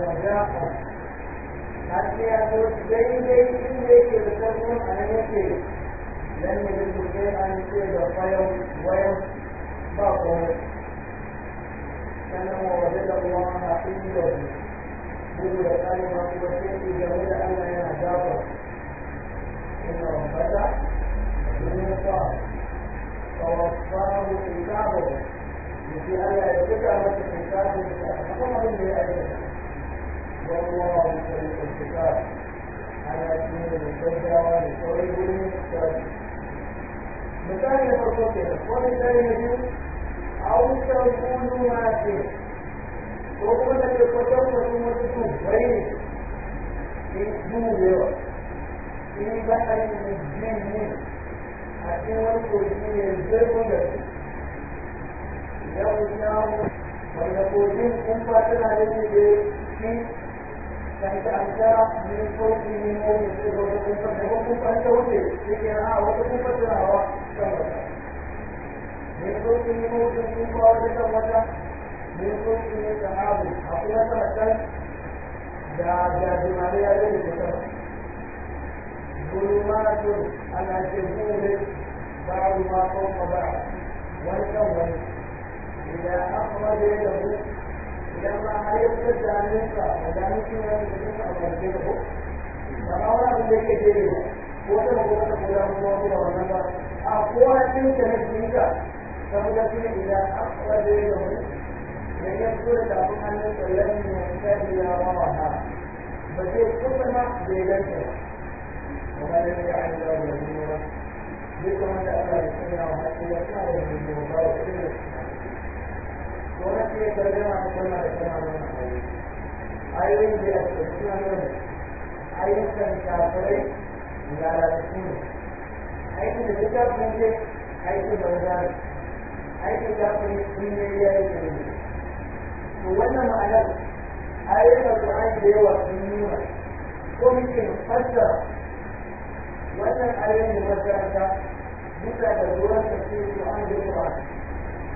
raja'a har da kalmar a nan ne da wayan wayan ba wa kuma ana inda bugu da kalma kuma sai ki والله شريك الكتاب على اثنين الفجر لشعيب مختلف مثال يتصل ولذلك أو تقول ما فيه وقل يتصل ثم تشوف غيره يجوه في بحر الجن أكون كل الجبل يغناه ونقول منكم فاتنا للبيت فإذا أتى من فوقهم أو من فوقهم فاحفظوكم فأنت وجه لكراء وقفوا فتراوة من فوقهم أو من فوقهم فأنت من فوقهم سحاب أقوى تمثل دا دا دماري عليه الكتاب ظلمات على جبور بعض ما فوق بعض والكون إذا أخرج له idan ba da ne a ko ba ma wani abin da yake ba ko ta ba ko ta ba a ko na ne idan da ya fito da ne ba ganta ba. ta ba iya tarjama ta kalma da kalma wannan ayoyi ayoyin da ya ce suna nuna ayyukan kafirai lalatattu ne aikin da duk kafin ce aikin banza ne aikin kafin sun yi ya yi ne wannan ma'anar da yawa sun wannan da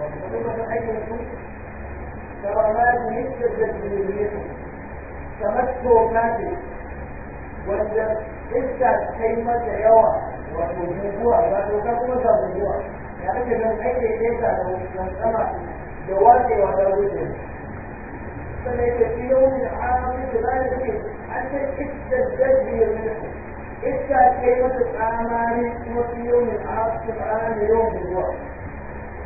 وتتميز كرامات مثل الجديدية تمسك ماتي wanda iska kai mata yawa wato guguwa ba to ka kuma ga guguwa ya kake nan ake nesa da wannan sama da watsewa da sannan yake fi yau min amin da zai ce an ya mata kuma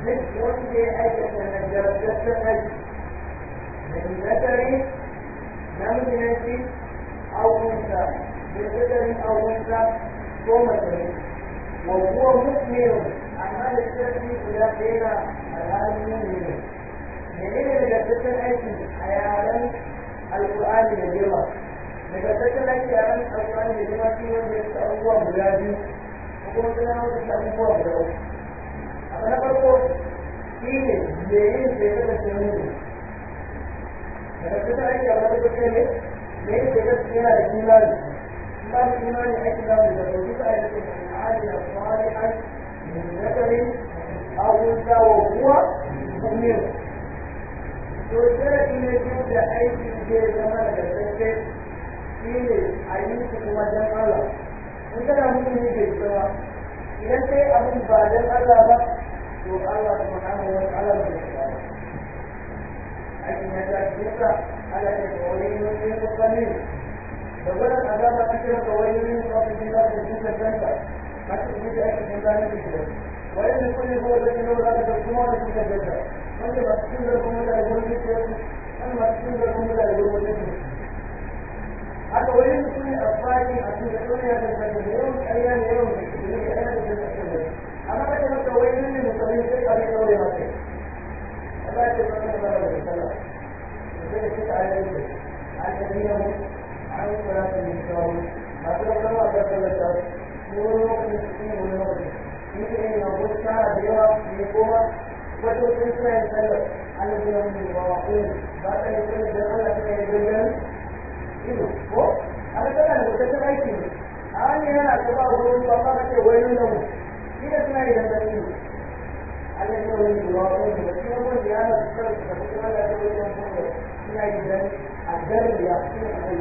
مثل أن يتنجس من ذكر نمجنة أو أنثى من ذكر أو أنثى ثم وهو مؤمن أما يستثني إلى غير الآن مؤمن menene nagartaccen aiki a yaren alkur'ani da girma nagartaccen aiki a yaren alkur'ani da girma shi wanda ya fi abubuwa guda biyu ko kuma suna wata abubuwa guda uku na farko shi ne me yin shekar da sun yi daga kusa aiki a wani kusa ne me yin shekar da yana da imani ba mu imani aiki za mu da rubuta a yankin al'adi a tsari an nazari a wuta wa kuwa umir to ne biyu da aiki zai zama da gaske shi ne a yi su kuma don Allah in kana mutum ne ke cewa idan sai abin ba don Allah ba to Allah subhanahu wa ta'ala ne aikin ya ta duka Allah ne ko wani ne ya ko da wannan azaba kake ko wani ne ko da shi da kanka kace ni da aikin da ne kike ne kullu ko da ne da da kuma da kike da wanda ba cikin da kuma da gurbin ke an ba cikin da kuma da gurbin ke haka wani mutum ne a fadi a cikin duniya da kan yau ayyana yau da kuma ayyana da kan أنا لكن متوين متميزين قبل قولي مكي الله يتبقى من الله وسلم وكيف تتعلم ذلك عن نبيهم عن صلاة المسلمين أطلق الله عز وجل نور المسلمين والمسلمين يمكن أن يكون شعر بيرا بيقوة وتوصل سنة يسلم عن نبيهم بالبواقين بعد أن يكون الجنة لكن يجب ido ko a da kana da wata aiki ne a wani yana da ba wurin ba ba ka ce wai nan mu Tidak pernah didatangi. Ada yang tahu ini dua orang juga. Semua pun dia ada sesuatu. Tapi cuma ada dua orang juga. Ini ada agar dia pun ada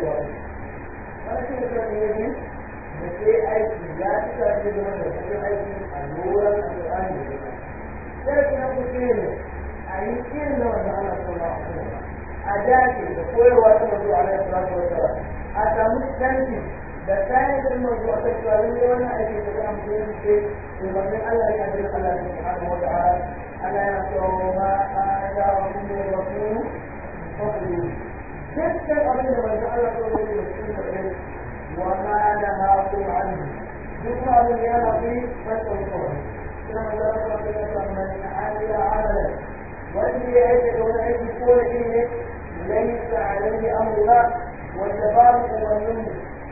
فكانت الموضوع تكراريا التي تتعامل في ومن الا يدرك الله سبحانه وتعالى ألا ينصروا ما آتاهم من الرسول فضله تلك القضية من جعل قوله المسلمين وما نهاكم عنه ذكر يا يلقي فاتقوا كما ذكر في من عمل عملا والذي يعيش دون أن يكون فيه ليس عليه أمرنا والجبار هو منه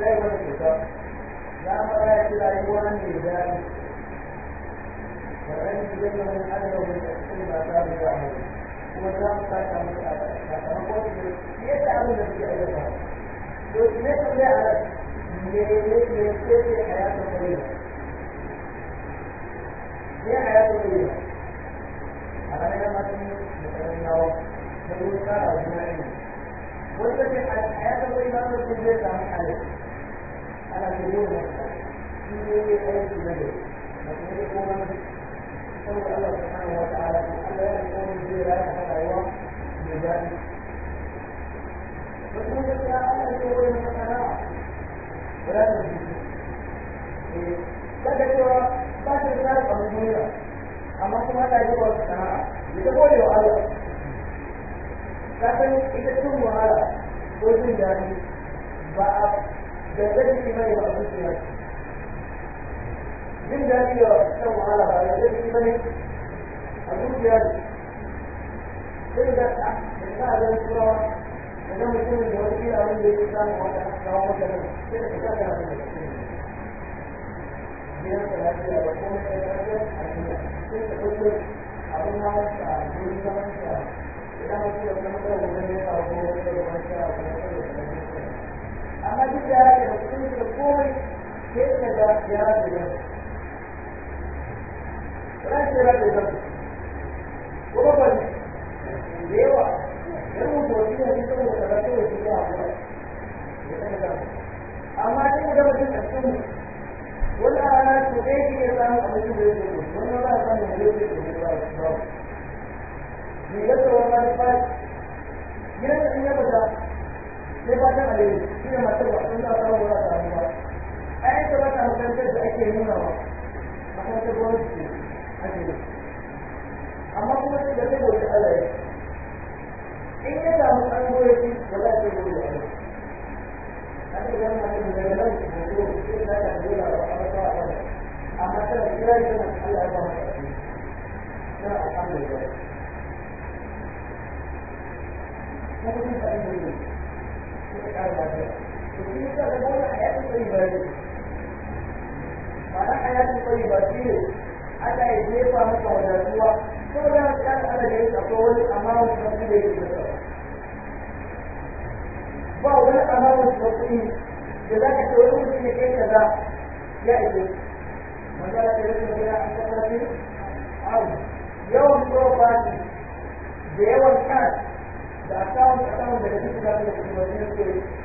zai wani fita ya fara ya ce rayuwa ne daɗi wannan shi zai wani adadin da cikin ba ta da ya hau kuma za mu saka musu a sakamakon su fiye da abin da suke aiki ba to ne tambaye a me ne me ce ce a ya ta kwari ne a ya ta kwari a ranar masu mutane nawa da kuma tsara wajen yanzu wanda ne a ya ta kwari na wani kuma zai samu alaƙa ana shirye da shi ne ya aiki na gari da kuma ya koma saboda Allah subhanahu wa ta'ala Allah ya koma zai raya ta rayuwa da daɗi wasu da ta ah, Allah ya koma eh, da sana'a ranar jiki daga cewa ba ta da tsara kamar duniya amma kuma ta yi wa sana'a ya ta gode wa Allah ta san ita cin wahala ko jin daɗi ba k gangan jiki bane ba abinci ne jin daɗi da shan wahala ba gangan jiki bane a zuciya ne sai da ta da ta zan turawa da zan mutum da wani kila abin da ya samu wata kawo maka nan sai da ta kana da biyan da lafiya da kuma da lafiya a duniya sai da kullum abin ma a duniya da idan mutum da kuma da wani ne a kuma da wani ne a kuma hujja da mutum da komai yadda da ya rasa yau rashin rasa yau kuma ban da yawa yan mutu wani ne saboda karatu da shi ya haƙura amma sai da mutum a cikin wani a rana to ɗaya shi ya samu abin da ya zo wani ba a samu da ya zo da ya zo ne ya zo wani ba yana da in ya fita sai ba ta alheri ita matar ba san za a ta da ake nuna wa makarantar gwamnati ce ake da amma kuma da in ya samu an shi za a ce yi daga nan da da ta amma kira ya Thank you. يشتغلون حياة طيبة معنى حياة طيبة فيه ألا يجيبها ba wani amawar tsotsi da za ka ya ya da ya rika a yawan da yawan kan da da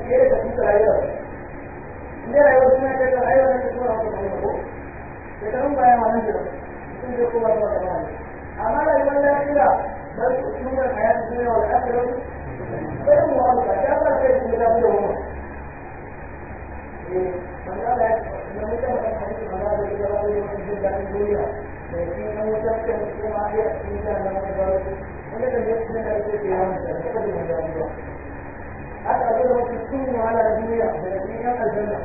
fiye da tafi da rayuwar inda rayuwar suna ta ga rayuwar da suna wata ko da karun baya ma nan jira sun je kowa zuwa kama ne amma rayuwar lafiya ba su sun ga kaya da suna wata wani wani wani حتى أجده في ولا على الدنيا بنتيجة الجنة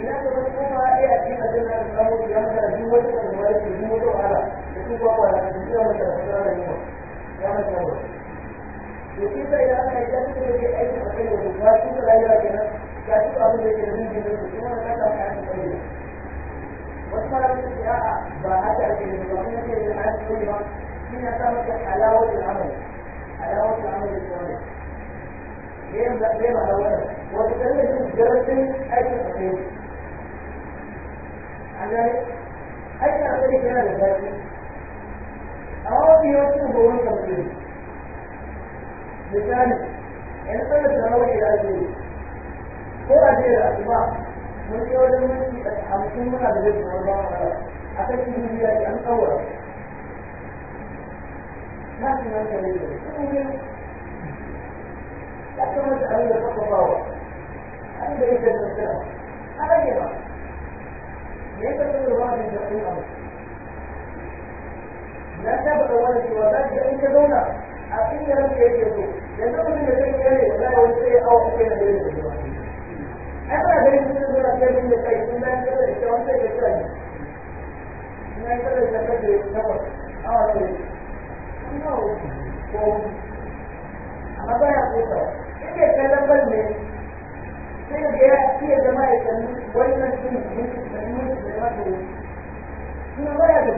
إذا كنت تقوم على أكيد الجنة الأمر في أمر الجوة والموالد الجوة على يكون بابا الجوة والمسألة الجوة يا مسألة وكيف إذا أنا إذا كنت في أي مكان وكيف كنت لا يرى كنا كاتب أبو ذي كنا من جنة وكما نكاتب حياتي قليلا وصفر من السياحة باعات الجنة وكما في الحياة كلها هنا تمت حلاوة العمل حلاوة العمل الإسلامي ليه لا ليه ما هو وبالتالي دي جرت اي تقييم انا اي تقييم كده دلوقتي اهو بيوصل هو التقييم مثال انت بتدور الى الجنة هو اجير اطباع من يقول لهم خمسين من الجنة والله أتكلم بيها أن أول ما في من كلمة تعتمد عليه التطاوع هذا ليس السلام هذا يرى ليس كل واحد يقول امر لا تبقى ولا سوى ذلك ان تدون أقيل لم يجدوا يدعون من الشيء يلي لا يوصي أو أقيل بين أما بين الدول أقيل من الشيء إما أن تدر الشيء يسلم إما أن تدر الشيء نفر أو أقيل أما هو أما بقى يقول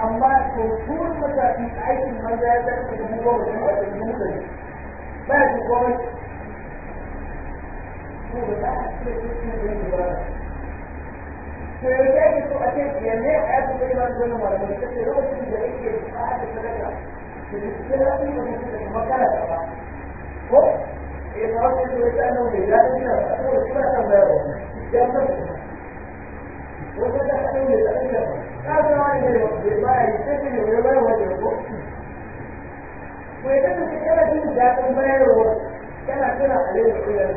amma kulturin mutane aikin maza ya zaka da mu wajen wajen ko ba shi ko ba za a ce cikin ba to ya zai ko a ce ya ne a yadda zai ba zai da mai yi lokacin da yake fara sadaka da cikin lafiya da cikin da ba ko ya fara da ya ta nan da ya ta ko ya ta da ya ta ko ta ta da ya ta Mai kasance kana jin daɗin bayarwa kana tana a yau da kula da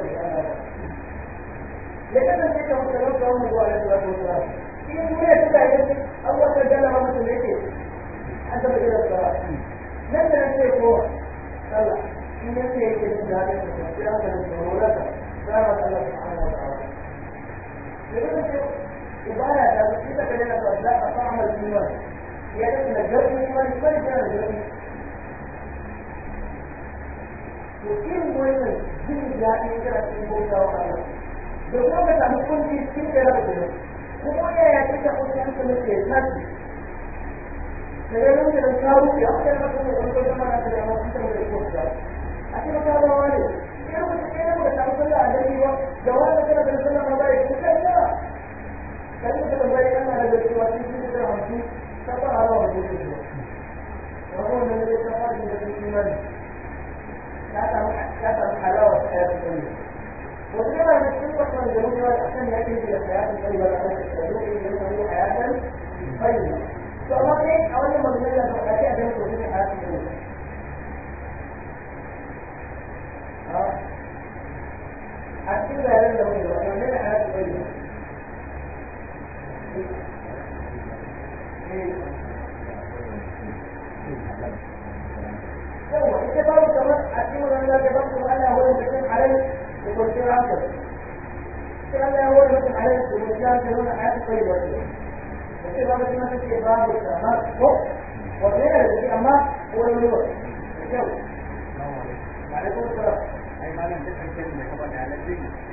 ya kasance ka mutu na kawo mu zuwa da kuma shi ne kuma ya tuka yin abubuwan da gana ma mutum yake an taɓa gina tsawa nan da nan sai kowa sallah in ce yake jin daɗin da kuma kira ka da tsawo na ta za ka sallah ta hana wa ta'ala. Ya ce. ibada ta zai ita ka yana da a fa'amar iman ya da na garin iman kan jana garin to irin wannan jin daɗin yana cikin bautawa Allah da kuma ka samu kunci cikin da rabu da kuma ya ya kika kunci cikin da ke tashi kayan da nan kawo ke ta yi maka wani wajen mana da yawa ta da ikon da a cikin kawowa ne irin mutum ya yi maka samu sallah a gani ba da wani da kana da sallah ba ya kuka yi kan ka tambayi da cewa cikin da hamsin ka ba hawa wa cikin da wannan da ya tafa da cikin imani ya samu ya samu halawa ta ya tsani wajen yana da akan ya ke da hayatun tsari ba da aka tsari ne da mutane hayatun bayyana to amma kai a wannan maganar da ba kai a ganin ko ne a cikin rayuwar da mutuwa da wannan hayatun bayyana yawa ita kamar a cikin ranar da ban da da da da da da babu kuma ta ce babu kamar ko wanda da da da da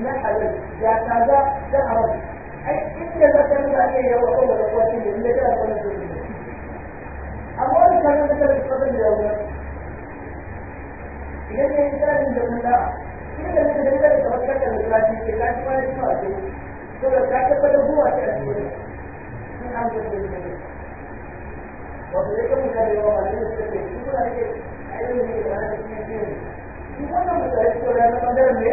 na halal ya kaza da haram ai inda za ka nuna ne ya wa da kowa shi ne inda ya kowa shi ne amma wani kanan da kana fadin da yawa idan ka ya tsarin da mun da idan da ka dangane da wata da lissafi ke ka ci bayan zuwa ce saboda ka tabbatar zuwa ce a cikin sun an zai zai wato ya kan mutane yawa ba ne da suke su kuna ne a yi ne da wani cikin shi ne duk wannan mutane su ne na ɓangaren ne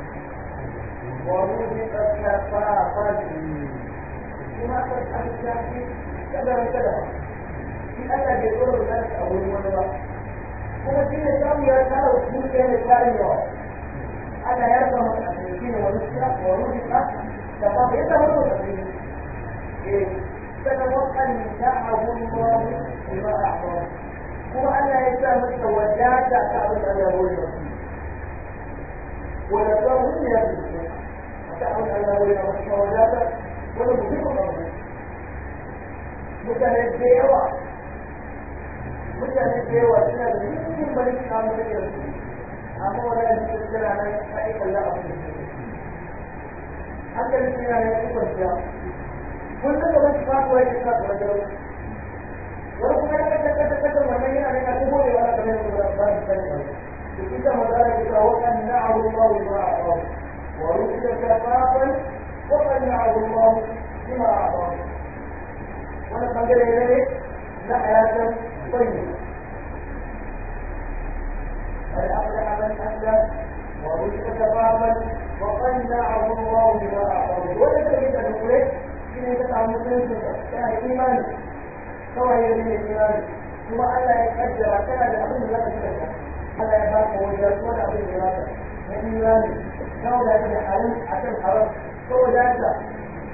ووضعت كفافا في أنا بيقول الناس أول مرة أنا في نظام يا ترى وكل كان الثاني أنا يرضى متأثرين ونسرة ووضعت كفافا إذا هو متأثرين إيه تتوقع نساء الله بما هو أنا يسام التوجات تعبد أن يقول ولكن تعود على ذلك وحولاته ونبذل الأرض mutane da yawa mutane da yawa suna da yankin bari nan sai kalla a kuma hankali suna nan su kwanciya kullum ya sa kuma da wani kuma ya kasa kasa kasa wannan yana nan a wani ورشد كافة وقنعه الله بما أعطاه ونقدر إليه نحية طيبة قد أفلح من أسلم ورشد كافة وقنعه الله بما أعطاه ولا تجد أن يقول إيه؟ إن تتعمل تنسى كان إيمان سواء يبين إيمان ثم ألا يقدر كان لأبن لا تتكلم ألا يبقى وجهة ولا أبن لا تتكلم من إيمانه نولى هذه حرام عشان حرام هو ده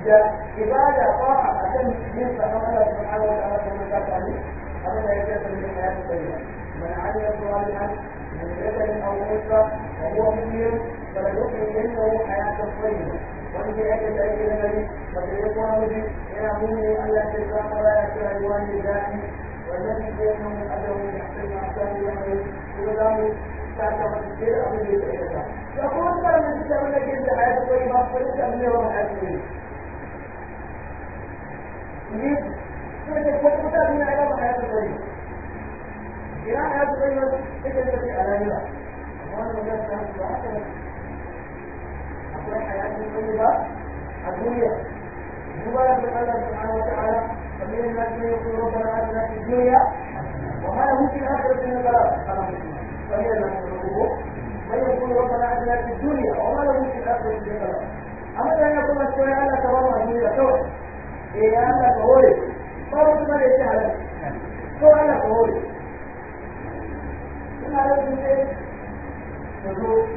ده عبادة طاعة عشان ينفع الله سبحانه وتعالى كما ذكر عليه أما يكفر من الحياة الدنيا من عمل صالحا من ذكر أو أنثى وهو مؤمن فلنحيي منه حياة طيبة وانجي أجل أجل النبي فسيقوم به إلى مؤمن ألا تلقى ولا يكفر لوالدائه والذي يكون أجره من أحسن أحسن لأهله كل ذلك كانت كثير أمني بإيرتا يقول لهم يستمنا جدا عاد كوي ما قلت أمني وما أسوي يجيب كنت فقط أمني على ما حياة الغريب إلى حياة الغريب إذا تبي على نبا وأنا مجرد أن أتبع أقول حياة الغريبة الدنيا دوبارة الله سبحانه وتعالى فمن الناس من يقول ربنا آتنا في الدنيا وما له في الآخرة من بلاء فمن الناس القبور فيقول ربنا أتنا في الدنيا وما له في الآخرة من أما أن يكون السنة أنا تبرع من يسوع إيه أنا فهولي فهو كما يتعلم هو أنا فهولي ثم على الدنيا تقول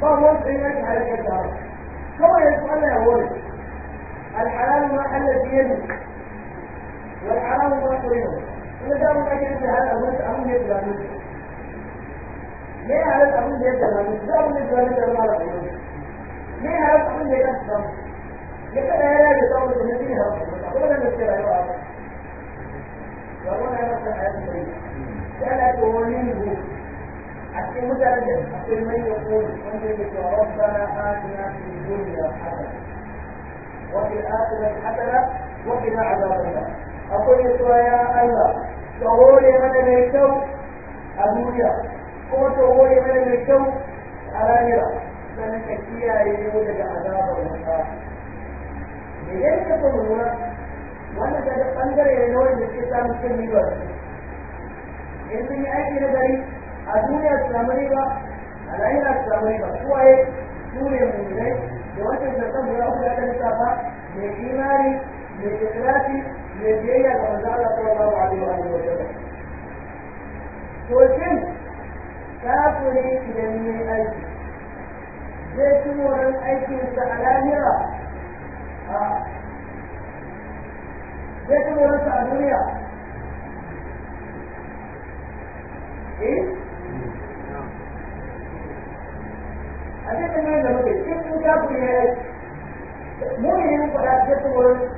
فهو سيئك على الجدار هو يسألنا يا ولد الحلال ما حل في يدك والحرام والحرام إذا كان متأكد أن هذا أبوك أبوك يبدأ منك ليه هذا أبوك يبدأ منك ده أبوك يبدأ منك ما لا يبدأ ليه هذا أبوك يبدأ منك لكن لا يتطور بنتيها ولا نستطيع هذا ولا نستطيع هذا كان يؤمنه حتى مدرجة حتى من يقول أنت ربنا آتنا في الدنيا حسنة وفي الآخرة حسنة وقنا عذاب النار akwai cewa ya Allah ka hore mana mai kyau a duniya kuma hore mana mai kyau a lahira sannan ka kiyaye mu daga azabar wuta idan ka fa lura wannan daga bangare ne na wanda ke samun cin riba in sun yi aiki a duniya su samu riba a lahira su samu kuwaye da wancan da mai imani mai ikhlasi mai biyayya ga manzo Allah sallallahu alaihi wa sallam to shin kafiri idan yayi aiki zai ci wurin aikinsa a lahira zai ci wurinsa a duniya eh a cikin da muke cikin kafiri ya yi mu ne yin faɗa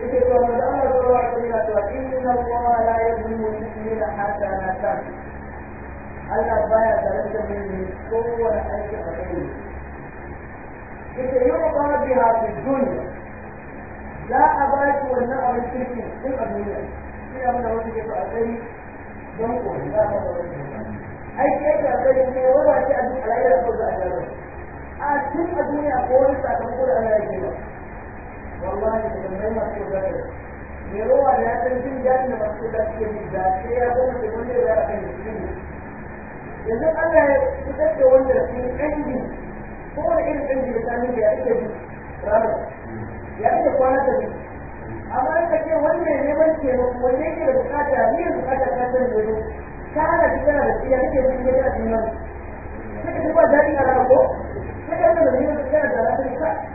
يقول الله صلى الله عليه وسلم إن الله لا يظلم المؤمن حسنة Allah baya tare da mai kowane aiki a kai yake yi wa ba bi ha fi duniya za a ba shi wannan abin kirki din a duniya shi abin da wani ke so a kai don koyi za a ba wani aiki yake a kai ne wa ba shi a duk alayyar ko za a jaro a tun a duniya ko wani sakamako da ana yake ba wallahi da mai masu da kai ya san jin da masu da ya wanda ya yanzu Allah ya fitar da wanda sun ƙangi ko wani irin ƙangi da samun da ya ake bi ya ake kwana da bi amma an ka ce wanda ya neman taimako wanda yake da bukata biyan bukata ta san da ta hana shi tana da shi ya ake bi ya ake nan sai ka ji ba daɗin alaƙo sai ka ji ba da yi da alaƙa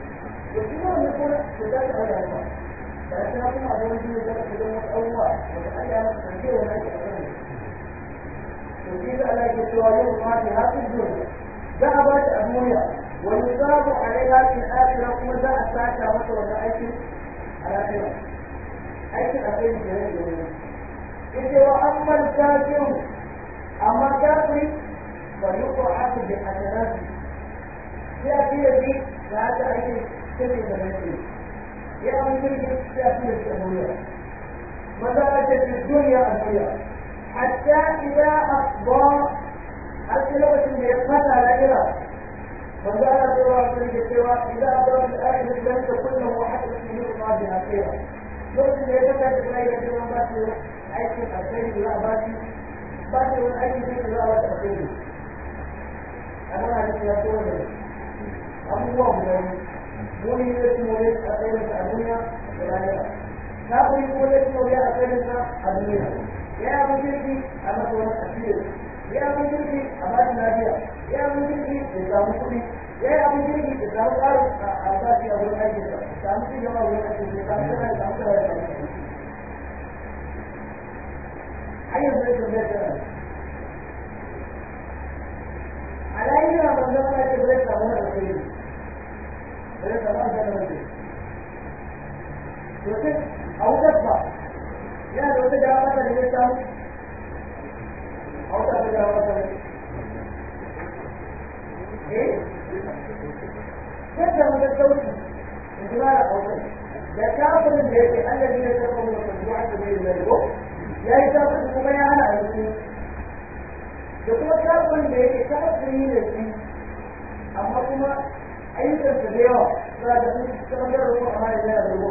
وكلهم يقول كذلك هذا هو لكن هم أظن أن ذلك كلمة الله وتحدي على التنبيه ونعيش أكمل وكيف أنا يتواجه مع هذه الدنيا ذهبت أبويا ويصاب عليها في الآخرة ومدى الساعة مصر وزعيك الآخرة أيش الأخير جميل إذا وأما الكافر أما الكافر فيقع بحسناته يأتي يدي فهذا أيش كلمة العلم يعني كلمة تأثير الأبوياء وباتت الدنيا أبوياء حتى إذا أصدى أسلوة مثلا إلى وقال الله في الجواب إذا أصدر الآخر لن تكون هو حتى من الله أخيرا لكن إذا كانت غير الجوابات أيضا أخير لا باتي باتي وأي شيء لا أخير أنا أعرف لا تقول أبوه mu'mini zai ci moriyar a tsayinsa a duniya da lahira kafiri kuma zai ci moriyar a tsayinsa a duniya ya yi kirki a masa wani asiri ya yi kirki a bashi lafiya ya yi kirki ya samu kuɗi ya yi abin kirki ya samu ƙarin albashi a wurin aikinsa samu ci gaba wurin aikinsa samu kaza ya samu kaza ya samu kaza har yanzu zai tambaya ta على أي ما मेरे सभा जनवरी योग्य अवगतवा या योग्य जवाब का निर्णय चाहूँ अवगत जवाब का انتظار الأوقات ذكرت من ذلك الذين يتقون مجموعة من ذلك لا يتقون ما على أنفسهم ذكرت من ذلك سبب من ذلك أما كما ayyukan su da yawa za da ba da da yawa da yawa samun wani abu ne yi wani abu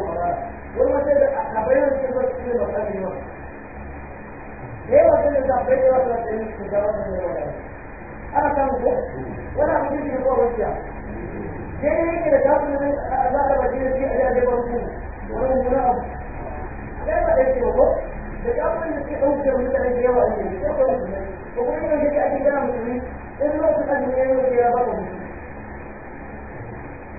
da kuma in lokacin da ya yi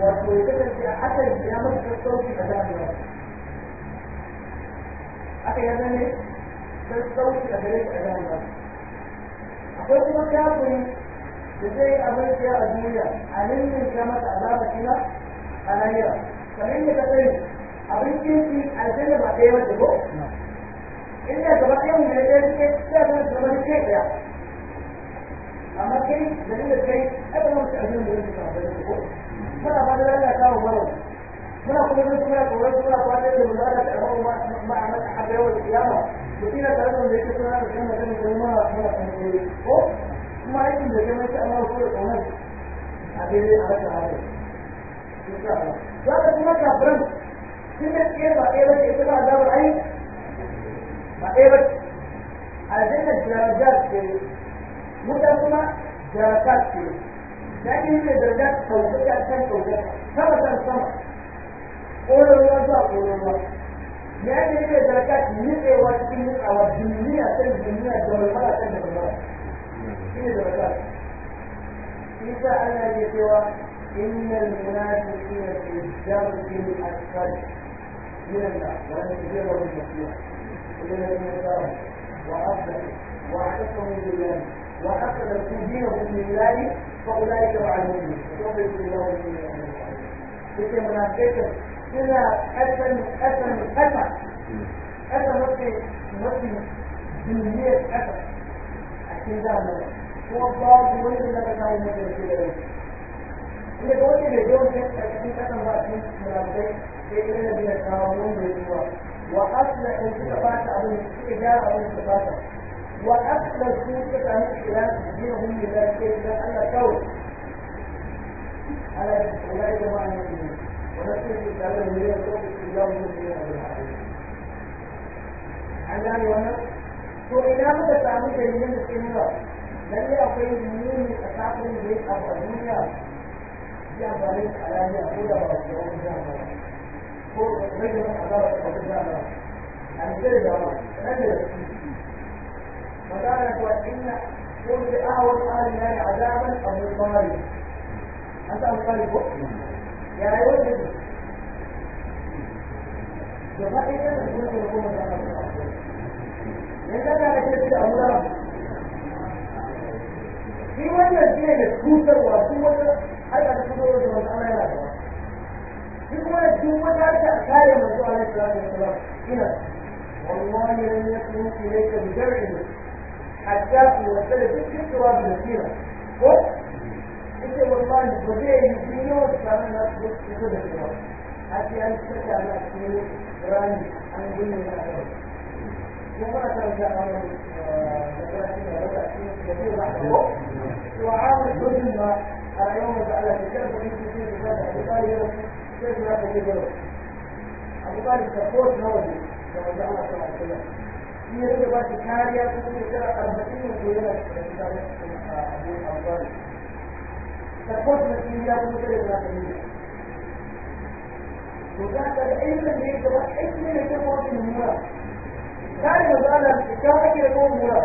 wato ya kasance a hakan ya masa sassauci a zaɓewa aka ya zane sassauci a gare shi a zaɓewa akwai kuma kafin da zai abin siya a duniya a ya masa azaba kina a lahira kamar yadda ka sani abin kirki aljanna ba ɗaya wata ko inda gaba ɗaya mu ne ɗaya suke sai zama zama ne kai ɗaya amma kai da ni da kai ai ba mu ci da wani ba ko muna ba da lalata wa mara muna kuma zai kuma ya kawai kuma ba da yake mura da tsaro ma a mata haɗa yawan kiyama da kila tare da wanda yake kuma da kan magana ko muna kan koyi ko kuma aikin da kai mai amma ko da kamar a daidai a rasa haɗa za ka kuma kafiran sun da tsaye ba ɗaya ba ce ita ba azabar ai ba ɗaya ba ce aljannar darajar ce wuta kuma darajar ce لكن في درجات توزيع كان توزيع سبعة سما قول الله قول الله لأن في درجات نقي وسكين أو الدنيا تلك الدنيا دولة تلك دولة في درجات إذا أنا يتوى إن المنافقين في الدرك الأسفل من النار ولن تجيبهم المسلمين الذين كفروا وأفلسوا وأعتصموا بالله وحكمت في دينهم لله فأولئك مع المؤمنين وقبل الله المؤمنين لكن منافقة إلى أثن أثن أثن أثن وقت وقت دنيا أثن أكيد هذا هو الضاد يريد أن يتعلم من الكلام إذا قلت اليوم أكيد أثن وقت منافقة إلى الذين كانوا يؤمنون بالله وأصلح الكتابات أو الإدارة أو الكتابات وأكثر سوء عن الخلاف بينهم لذلك ألا الكون على أولئك مع المسلمين ونسيت الكلام هي سوء السجار المسلمين عن أبي ونس سئل متى تعمل كلمة الاستمرار لم يعطي المؤمن من أساس البيت في يعتمد على أن يقول رسول الله هو رجل أدار الرجل أن يجد رجل فكانت وإن كنت أول قال النار عذابا أو طالب أنت أبو بؤمن يا ولد فقائدا تكون تكون لأننا نتبدأ أولاد في وانا جيل سكوتر وأسوة هل أتكون وجه من أنا لا في وانا جوة أرجع كاية من سؤال عليه الصلاة والسلام هنا والله لن يكون إليك بجرعه حتى يوصل فكرة تراب الأخيرة فوق انت والله الطبيعي يبنيه وكمان نصبت يخذ التراب حتى أن تستطيع على أسمه راني أنا قلنا من أعرف وما ترجع أمر ثلاثين أو ثلاثين كثير بحثه وعامل كل ما يوم على كتاب ومن كثير بفتح أبو طالب كيف لا تجيبه أبو طالب تقول نوزي لو جعلت على السلام shi ya rage ba shi kariya ta kuma shekara arba'in da ke yana cikin abin alfari tabbas na shi ya kuma shekara na ta yi to za ka ga ayyukan da ya gaba aiki ne ta kuma shi mura kare da zana da kyau ake da kuma mura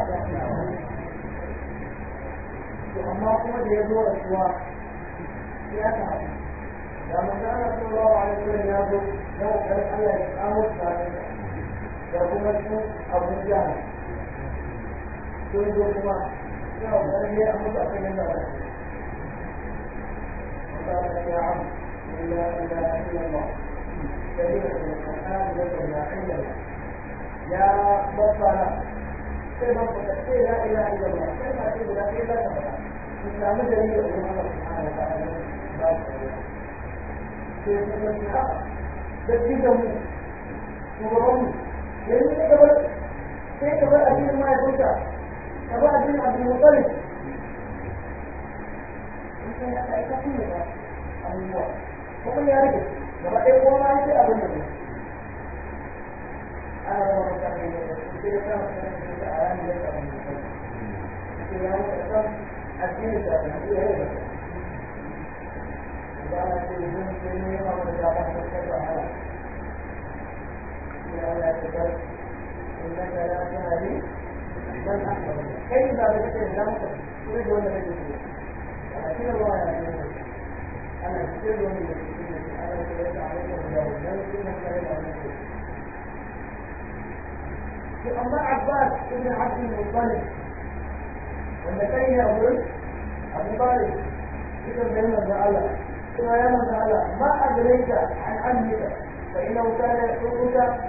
to amma kuma da ya zo rasuwa ya ta haɗu da manzana sallallahu alaihi wasallam ya zo za ka ga Allah ya samu tsarin da kuma su abin jihar sun zo kuma suna ƙoƙarin ne a mutu a kan yadda ba وقال يا عم لا اله الا الله كلمه القران يقول لا اله الا يا بطل كما قلت لا اله الا الله كما تقول لا اله الا الله اسلام جميل الله سبحانه وتعالى كيف تقول لا تجده هو امر yanzu sai ka bar sai ka bar addinin mahaifinka ka bar addinin abdul muttalib da abubuwa ko kuma ya rage gaba ɗaya kowa ma sai abin da ne ana zama mutane ne sai ya kama sanar da a ranar da abin da sai ya wuce kan addinin da abin da ya rage ba na ce yin sun yi mawa da ta ba ta ba انك لا تهدي من احببت كيف بدات الذنب تريد ان تجد ولكن الله يعلم انا سر من المسلمين انا سيد عليهم الله لن يكون كلام عليكم في الله عباس ابن عبد المطلب والنبي يقول ابو طالب كتب بيننا تعالى كما يانا تعالى ما ادريك عن امرك فانه كان يحبك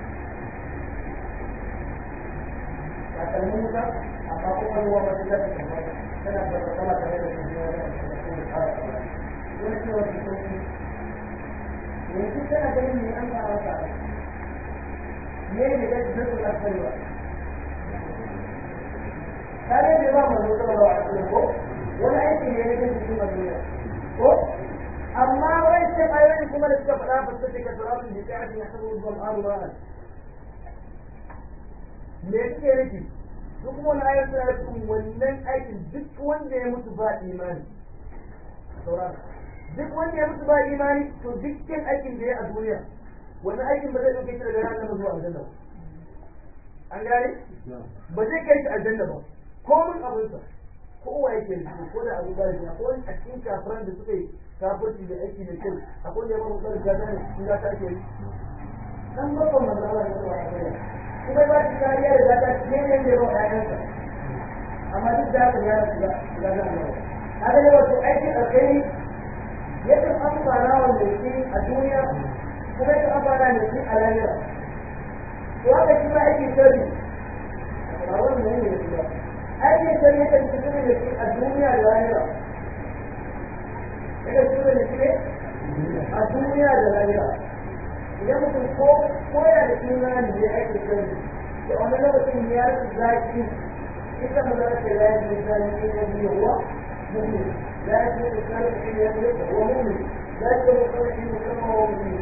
akan muka amma kuma ruwa ba su zata kuma tana da matsala da su da su da fara kuma wani cewa su sauki yanzu tana ganin ne an fara sa ne ne da su zata alfarwa tare da ba manzo da a ko wani aiki ne ko amma wai sai ayoyin kuma da suka faɗa ba su take da surafin da ta a me suke nufi su kuma wani ayar suna nufin wannan aikin duk wanda ya mutu ba imani duk wanda ya mutu ba imani to dukkan aikin da ya a duniya wannan aikin ba zai ɗauke shi daga ranar da zuwa aljanna ba an gane ba zai kai shi aljanna ba mun abinsa kowa yake da ko da abu ba da ko a cikin kafiran da suka yi kafirci da aiki da kyau akwai da ya mamu da ta ne in za ta ake yi dan ba ba mazala da kuma ba shi kariya da zata ne ne ne ba amma duk da ta ya rasu ya ga Allah haka ne wato aikin alkhairi yakan amfana wa ne shi a duniya kuma yakan amfana ne shi a lahira to haka shi ma aikin sharri ba wannan ne ne ba aikin sharri yakan fito da shi a duniya da lahira yakan fito shi ne a duniya da lahira idan mutum ko koya da imani ne ake kai da wani lokacin ya rasu zaki ita mu zara ce layin misali ne na biyu wa mu'min layin misali ne na biyu wa mu'min layin misali ne na biyu wa mu'min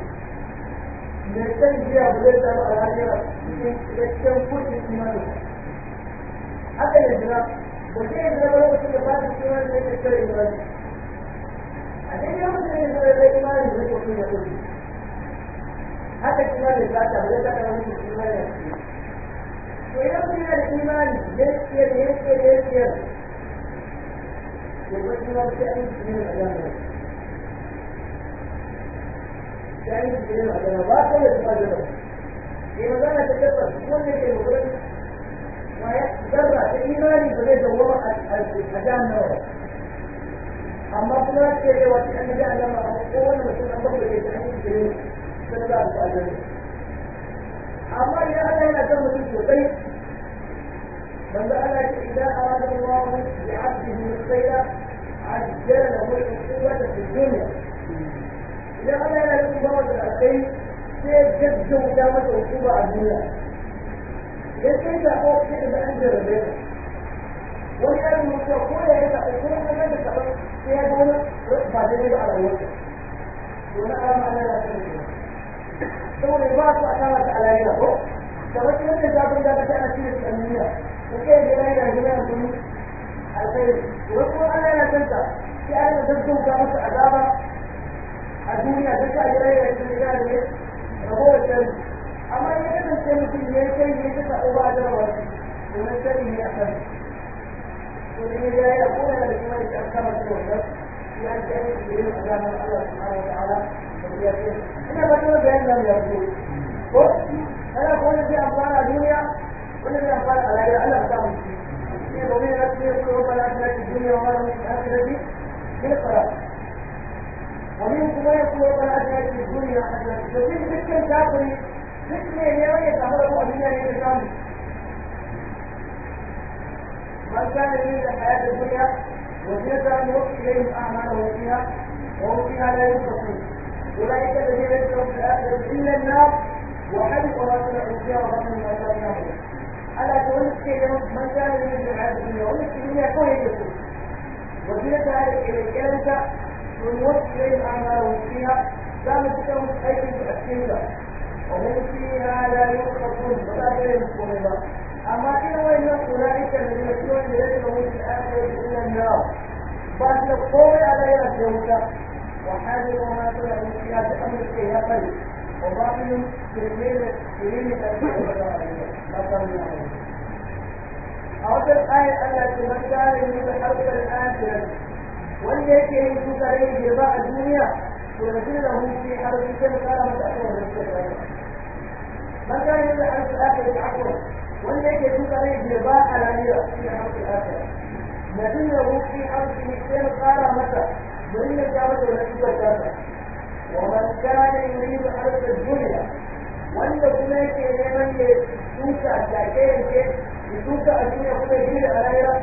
mai san jiya ba zai samu a rayuwa cikin cikakken kurkin imanin haka ne jira ba zai zama lokacin da ba su imanin kare imani a daidai lokacin da zai zama imani zai kwafi da haka kina mai zata ba zai taɓa mutum imani to idan yana da imani ya ce ne ya ce ne ya ce shi ma sai an ne a zama sai an yi ne a zama ba ko da kuma zama ne magana ta tabbas wanda ke magana ma ya zarra ta imani ba zai dawwama a jami'a amma kuma ce ne wata an yi da alama Ko wani mutum an bakwai da ya ce an ka ga aljanna amma idan Allah yana son mutum sosai manzo Allah ce idan arada Allah bi 'abdihi khayra ajjala lahu kowa uqubata fi dunya idan Allah yana son bawa da alkai sai gaggauta masa hukuma a duniya idan sai da ko sai da an jarabe wani irin mutuwa ko da ya taɓa ko ya taɓa da taɓa sai ya gona ba daidai ba a rayuwarsa to na alama Allah ya san ثم البعض أثارت على يده فبس لم يزعب إلى بدأ في الأمنية وكيف يلاقي جميع في الخير ويقول أنا لا تنسى في أن تبدو كأنت عذابا الدنيا تنسى إليه الرجال ربو الشمس أما يجب أن تنسى يكي يتسع بعد الوقت ونستنيه أحسن وإن جاء يقول لك ما يتأكد ina ba ta bayan da ya ko kana ko ne zai amfana a duniya wanda zai amfana a lahira Allah ta mu ne ba mai rasu ne ko ba lafiya ta duniya wa mara mutum aka rabi ne fara ومن كما يقول ربنا اتنا في الدنيا حسنه وفي ذكر تاكل ذكر هي وهي تعمل ابو ابي هي من كان يريد الحياه الدنيا وزيد أن يوحي إليهم أعمالهم فيها وهم فيها لا ينقصون أولئك الذين يدخلون في الآخرة إلا النار وحرق ما سمعوا فيها وظنوا ما سمعوا ألا من كان يريد الحياة الدنيا ولك الدنيا كل يدخل وزيد هذه الكلمة إليهم أعمالهم فيها كانت لهم أيدي تأثيرها وهم فيها لا ينقصون ولا ينقصون أما إن وإن أولئك الذين يدخلون في الآخرة إلا النار فأنت الطول على يديك وحاجر ما تلعب في هذا أمر الكهفي وباطل في الليل يريد أن يكون أعطى الآية التي مكان بحرف الآخرة والذي يجوز عليه جزاء الدنيا ويزيدهم في حرف الكلمة كما تأخذ بالكلمة مكان بحرف الآخرة عفوا والذي يجوز عليه جزاء الآخرة في حرف الآخرة لكنه في حرف مثلين قال متى دليل الجامعة والنتيجة الثالثة ومن كان يريد حرف الدنيا wanda kuma yake neman ya tuka take yake ya tuka a duniya kuma ya gina a rayuwa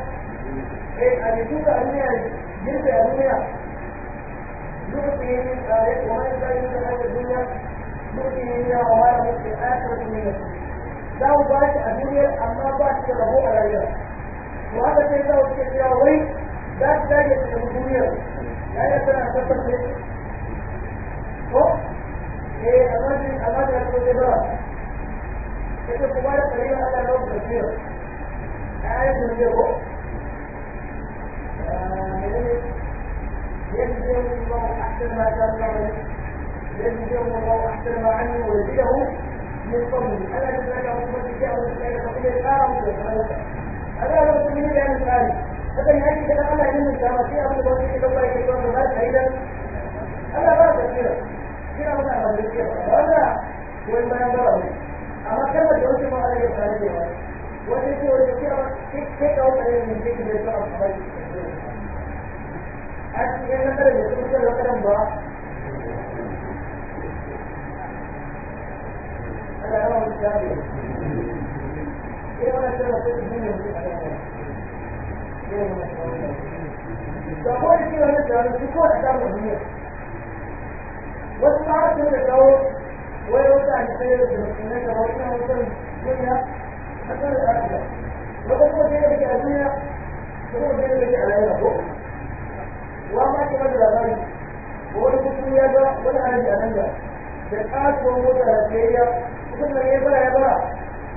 eh a ya tuka a duniya girbe a duniya نؤتي من ذلك ومن كان يريد حرف الدنيا نؤتي منها وما له في الآخرة من نفسه الدنيا أما باش ربو على وهذا الشيء ده الاختياروي ده بداية الهجومية لا يمكن أن في فيه هو هي أماجن أماجن الكتابات كيف الكبار تقريبا على لون كثير عايز من جبه آه، يجزم يعني الله أحسن ما كان يعمل يجزم الله أحسن ما عني ويجيه مصمم أنا جزاك الله أمتي أو جزاك الله أمتي هذا هو التمرين لأهل الثالث هذا نهاية كده أنا علم الجامعية أبو بكر كده الله يكرم ومات أيضا هذا بعد كده كده هنا أمريكية هذا هو المنبر أما كما جوزي ما عليه الثالث وجدت وجدت كيف كيف أو كيف من كيف يجب أن أصبح أجل أن نبرد da kawai shi wani tsaro shi kawai a samun duniya wasu ba su da kawo wai wata a cikin da musulmai da wasu na wasan duniya a kan da zafi da wata kuma sai da ke a duniya kuma sai da ke a rayuwa ko wa ma ke wani labari ko wani kusur ya ga wani haraji a nan da da kasuwan mota da tsayayya kusan da ya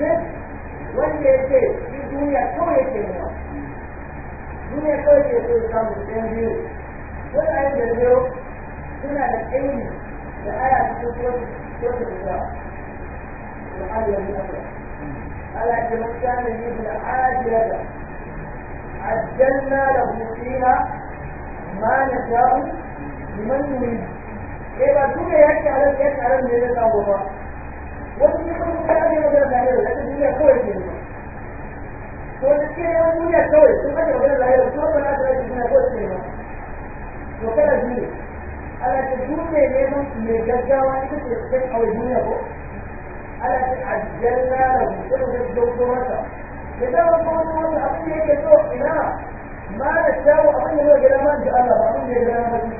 duk wanda ya ce shi duniya kawai yake nuna duniya kawai ke so samu ɗan biyu waɗannan da biyu suna da ilimi da aya ta kuma wata kusa da aliyar mutuwa ala ce mutane ne da ajiyar da عجلنا له فيها ما نشاء لمن نريد إذا كنت يحكي على الشيخ على المدينة أبو بكر wasu ne kuma kana ne magana zahiri da ta duniya kawai ke ne to da ke yan duniya kawai sun kace magana zahiri kuma ba na da duniya kawai ke ne to kana duniya ala ta duniya ne mun ne gaggawa ita ce kai kawai duniya ko ala ta ajjalla lahu sai da dogo mata ya dawo kuma wani abin da yake so ina ma da shawo abin da ya gida man da Allah ba abin da ya gida man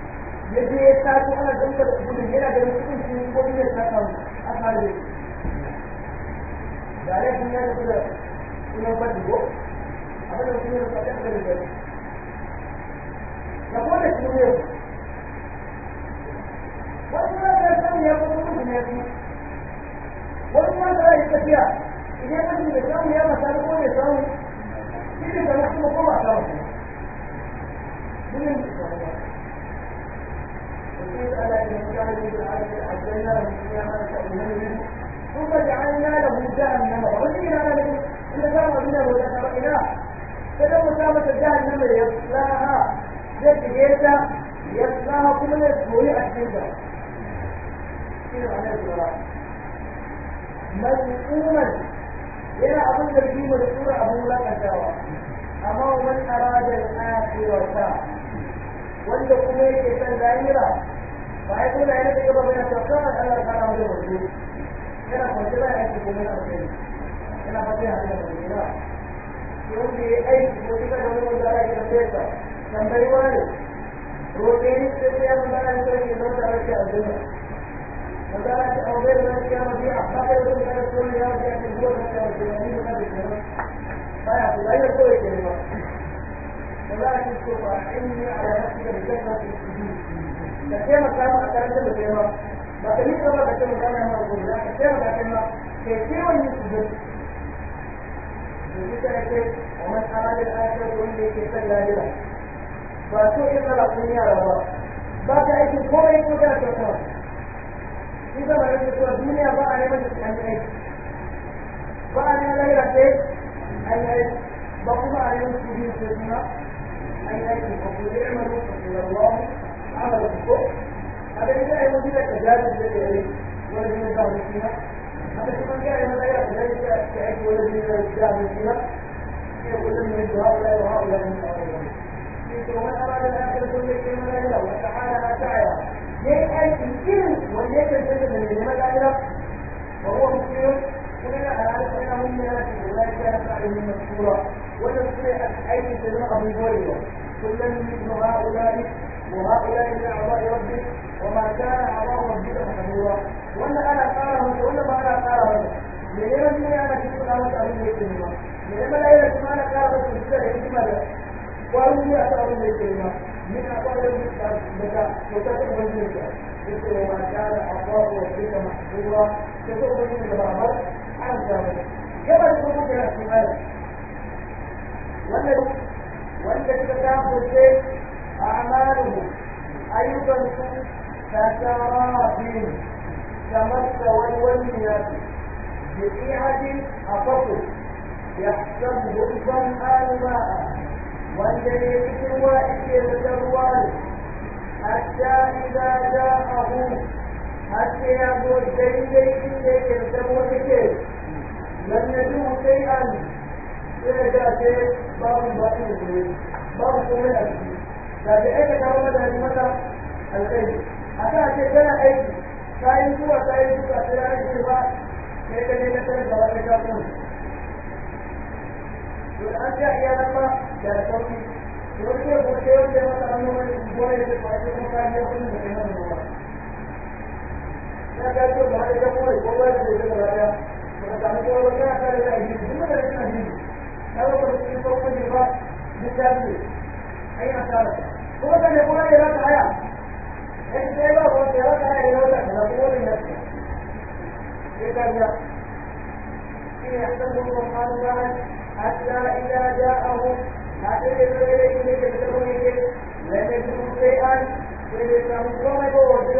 ya ya sato ana zanta da kudin yana da kudin shi ko biyar ta kawo a kare da alaikun ya tafi da sunan fadi ko a da kuma da fadi da rigar da da shi ne wani kuma ya samu ya kuma kudin ya fi wani kuma da ya tafiya idan ya kasu da samu ya masa ko ya samu shi ne da na kuma ko ba samu. Dinin da samu ba. ثم جعلنا له جهنم وعزينا له إذا كان منه وتسرقناه فلو مسامة جهنم يصلاها زي جيدا يصلاها كل من يسموه أشهد شنو معنى الزراعة مزقوما yana abin da shi da sura abin wulakantawa amma man arada al-akhirata wanda kuma yake san lahira ba ya tuna yana da gaba bayan sauka a kanar kana wajen wajen yana kwanci ba ya aiki kuma yana wajen yana fata ya hanyar wajen yana wanda ya aiki ko duka da wani wanda ana gidan besa tambayi wani roƙe ni sai sai ya zama ana gidan ne zama da rashin aljanna wanda ana ci aure da rashin yamma biyu a fata da wani kanar tsohon yawon da ya ce zuwa rashin aljanna ni ba da kenan ba ya ya kawai ke ba wanda yi ka taimaka ma a karantar da kai ma ba ka yi gaba da, taimaka ma ma gobe za ka taimaka kai ma kai kewan yi kuma zai yanzu ta yake a man amalin ajiyar wanda yake kan ba so in ala kun yara ba ba aiki ko da kyauta ba shi zama da cewa duniya a neman da su an aiki ba a neman lalila a yi aiki ba kuma a neman su biyu sai kuma yi aiki ba ku zai maru ba ku yalwa عمل الفوق هذا إذا أيضا بلا تجاوز للعلم والذين ذهبوا فيها هذا كما جاء إيه، من الآيات ذلك الشعب والذين ذهبوا فيها يقول لم يجد هؤلاء وهؤلاء من هؤلاء إيه، ومن أراد الآخرة يكرم الأجر وسعى سعيها لأي يمكن وليتجدد من جنب الأجر وهو مسلم ومن أراد فإنهم من الأجر ولا كان فعلهم مشكورا ونصيحة أي سلم أبو هريرة كلا من هؤلاء وهؤلاء من أعضاء ربك وما كان أعضاء ربك محمورا وأن أنا قاره وأن ما أنا قاره لأن من أنا كنت قامت أبن بيتهما لأن لا يلك ما أنا قاره في السنة إجمالا وأن يأتي أبن بيتهما من أعضاء ربك بكاء وتتقبل منك يقول وما كان أعضاء ربك محمورا تتقبل منك بعض عن ذلك كما تقول يا سؤال والذي والذي تتعبد أعمالهم أيضا كسراب كما استوى والمياه بقيعة أفقه يحسبه الظمآن ماء والجليل الوائد يتجوال حتى إذا جاءه حتى يقول جيدي إليك يتجوى بكيف لم يجوه شيئا إذا جاء شيء باب بطيء باب قوي da bai aikata wani da ya mata alkhairi a kan ce "Gana aiki kayan zuwa kayan zuwa sai ranar ce ba sai ka ne na tare da wani kafin to da an tsaya iya zama da sauki to wani ne kuma sai wanda ya mata hannu wani gona ya ce ba sai kuma kayan ya kuma da kai nan ba ya ga ce ba ya kuma ko ba da ya ga ya ba ta mu ko ba ka ka da yi duk da aiki na ji na ba ku ko ko ba duk da an yi asara kuma kan da kuma ne za ka haya in sai ba wanda ya ka haya yau da kaza kuma ne ya ce sai ka ga shi ne san da kuma kan da hatta idza ja'ahu hatta da zai da yake da kuma ne ke lalle su sai an sai da samu kuma ko wanda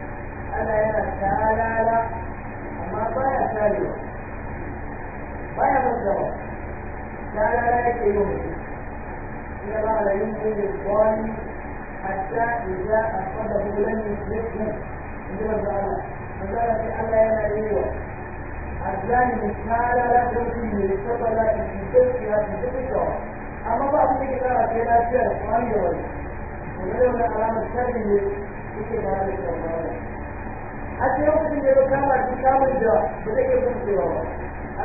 Allah yana shahalala amma ba ya shalewa ba ya mazawa shahalala ya ke yi ina ba da yin kundin kwani hatta iza a kwada bulan yin ina ba da mazawa ce yana yi wa azani mai shahalala ko shi ne da saba za a yi jirgin ya fi jirgin kawo amma ba su yake tsara kai lafiya da kwani da wani kuma yau da alamar shari'a ne suke ba da shari'a har sai lokacin da ya kama shi kamun da ba zai iya kwancewa ba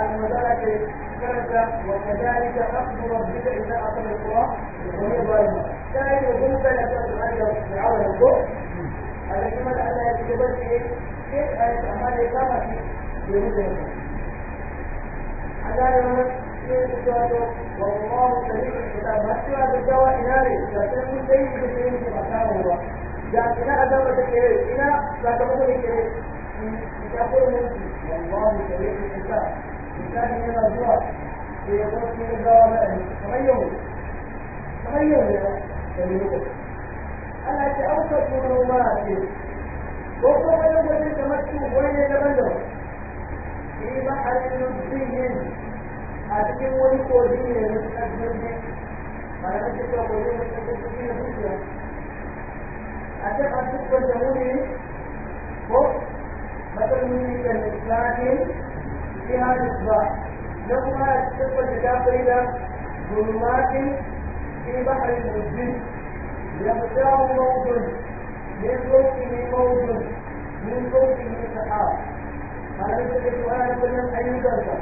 al-mazala karanta wa kadalika aqdu rabbika idza aqama al-qura wa huwa zalim sai ya gunta da ta da da'awar ko Allah kuma da Allah ya ce ba sai sai ayat amma da kama shi da mutum Allah ya والله سريع الحساب ما سوى بالدواء ناري لا تكون شيء بشيء في مكانه da ina azaba ta kere ina sakamako ne kere ka ko ne wallahi kare ki ta misali yana zuwa sai ya kuma cikin gawa na ne kamar yau kamar yau ne da ne ko Allah ta auka kuma ma ce ko ko wani wani kamar ku wani ne daban daban shi ma alilun zihin a cikin wani kogi ne na tsakiyar ne ba na cikin kogi ne na tsakiyar ne ada satu penjuru kok macam ini kan Islam ini ada dua nama sebab kita pernah guru mati di bahar muzin yang tahu muzin minggu ini muzin minggu ini sahab hari ini tuan dengan ayu dosa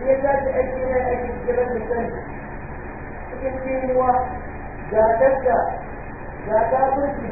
dia jadi ekstra ekstra macam ini kerana semua jaga jaga jaga pun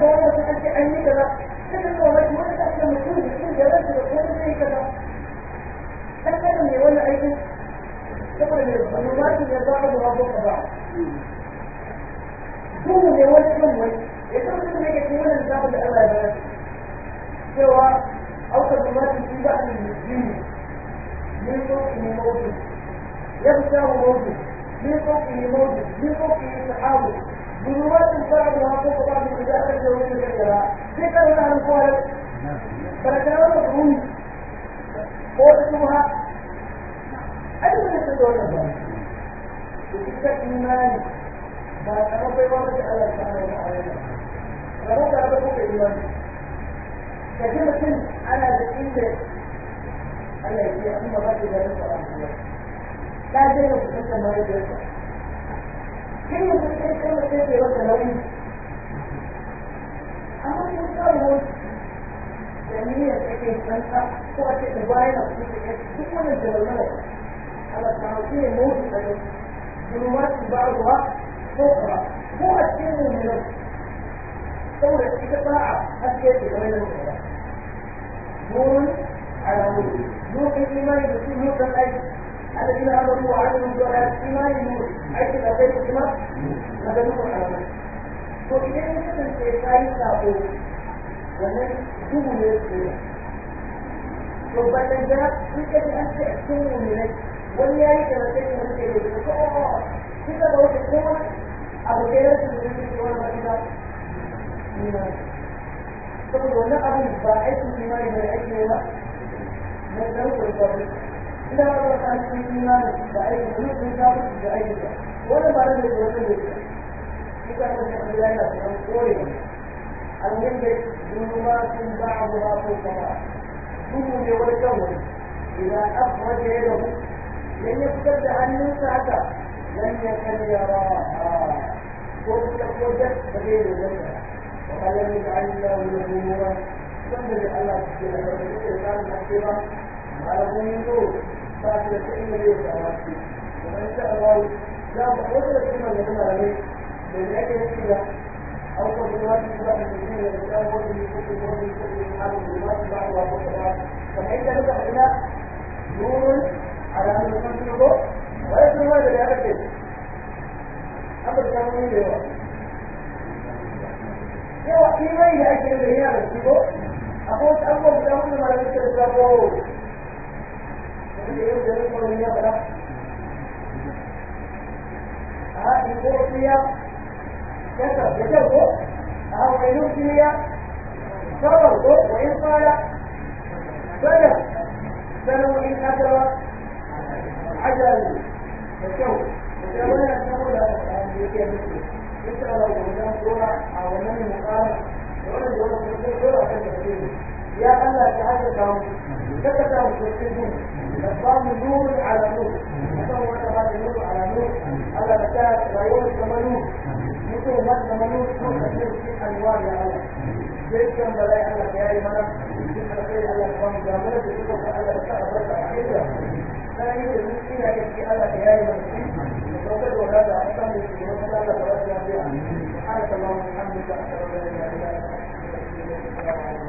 da wannan sun an ce an ka kuma mace wanda ta ce a zuwa boka ba duhu ne wani kan ne ke cikin shi ba a Buat sekarang di hati sekarang di kerja kerja untuk kerja. Kita sudah lupa. Perkara itu pun, pos semua. Ada yang sedoi juga. Ketika iman, bahkan apa yang ada Allah Taala. Kalau tak ada pun iman. Jadi mungkin anak di India, anak di Amerika juga ada orang tua. Tadi yang kita mahu berikan. Quem é que quer ser o que eu quero aí? A mãe não sabe muito. E a minha, que é quem canta, pode ser que vai na frente, que é tudo uma de manhã. Ela fala, que é muito, mas eu não vou te dar o ar, vou falar, vou assistir no meu. Então, eu fico até lá, aqui é que vai na frente. Vou, aí eu vou. الذين امنوا وعملوا الصالحات بما يموت اي تبدل بما بدلوا حرام to idan ya kasance ka yi sako wannan duhu ne su ne to bayan da sun kaji an ce a cikin mummunai wani ya yi da na sai mutum ya yi ko kika da wata kuma abu da ya rasu da yake wani wani ba saboda wannan abin ba aikin imani aiki ba na zarko إذا ما دخلت في إيمان بأي ملوك الكافر بأي ملوك ولا ما لم يكن ملوك إذا كنت خلالنا في أنقورهم الملك ظلمات بعضها فوق بعض ظلم والكون إذا أخرج يده لن يفتد عن نوسعك لن يكن يراها وقد وجدت سبيل الجنة وقد يجعل الله له نورا ثم لأن الله سبحانه وتعالى Yawa, shi mai ya ake da hiyar da shi ko? A kuma ta abubuwa da ta mutu mara da ta zaɓo. اللي يقدر يدخل الرياضة ده ها يقول فيها كسب يكسبه أو ينوب فيها صبر وإن قال سلم سلم وإن أجر عجل الشوق وكلنا نقول حتى لو كان دولة أو من مقام ولا دولة دولة كتير يا الله تعالى كم كتير كتير نصاب نور على نور نصاب وتبات نور على نور الله بتاعك لا يوم ثمنوه مثل ما ثمنوه نور كثير في أنوار يا الله بيتكم بلاي الله يا إيمانا بيتكم الخير الله قام جاملة بيتكم الله بتاعك بس أحيدا لا يوجد مشكلة يبكي الله يا إيمانا وقد وهذا أحسن من وصل على فراسنا بها سبحانك اللهم وبحمدك أشهد أن لا إله إلا أنت أستغفرك وأتوب إليك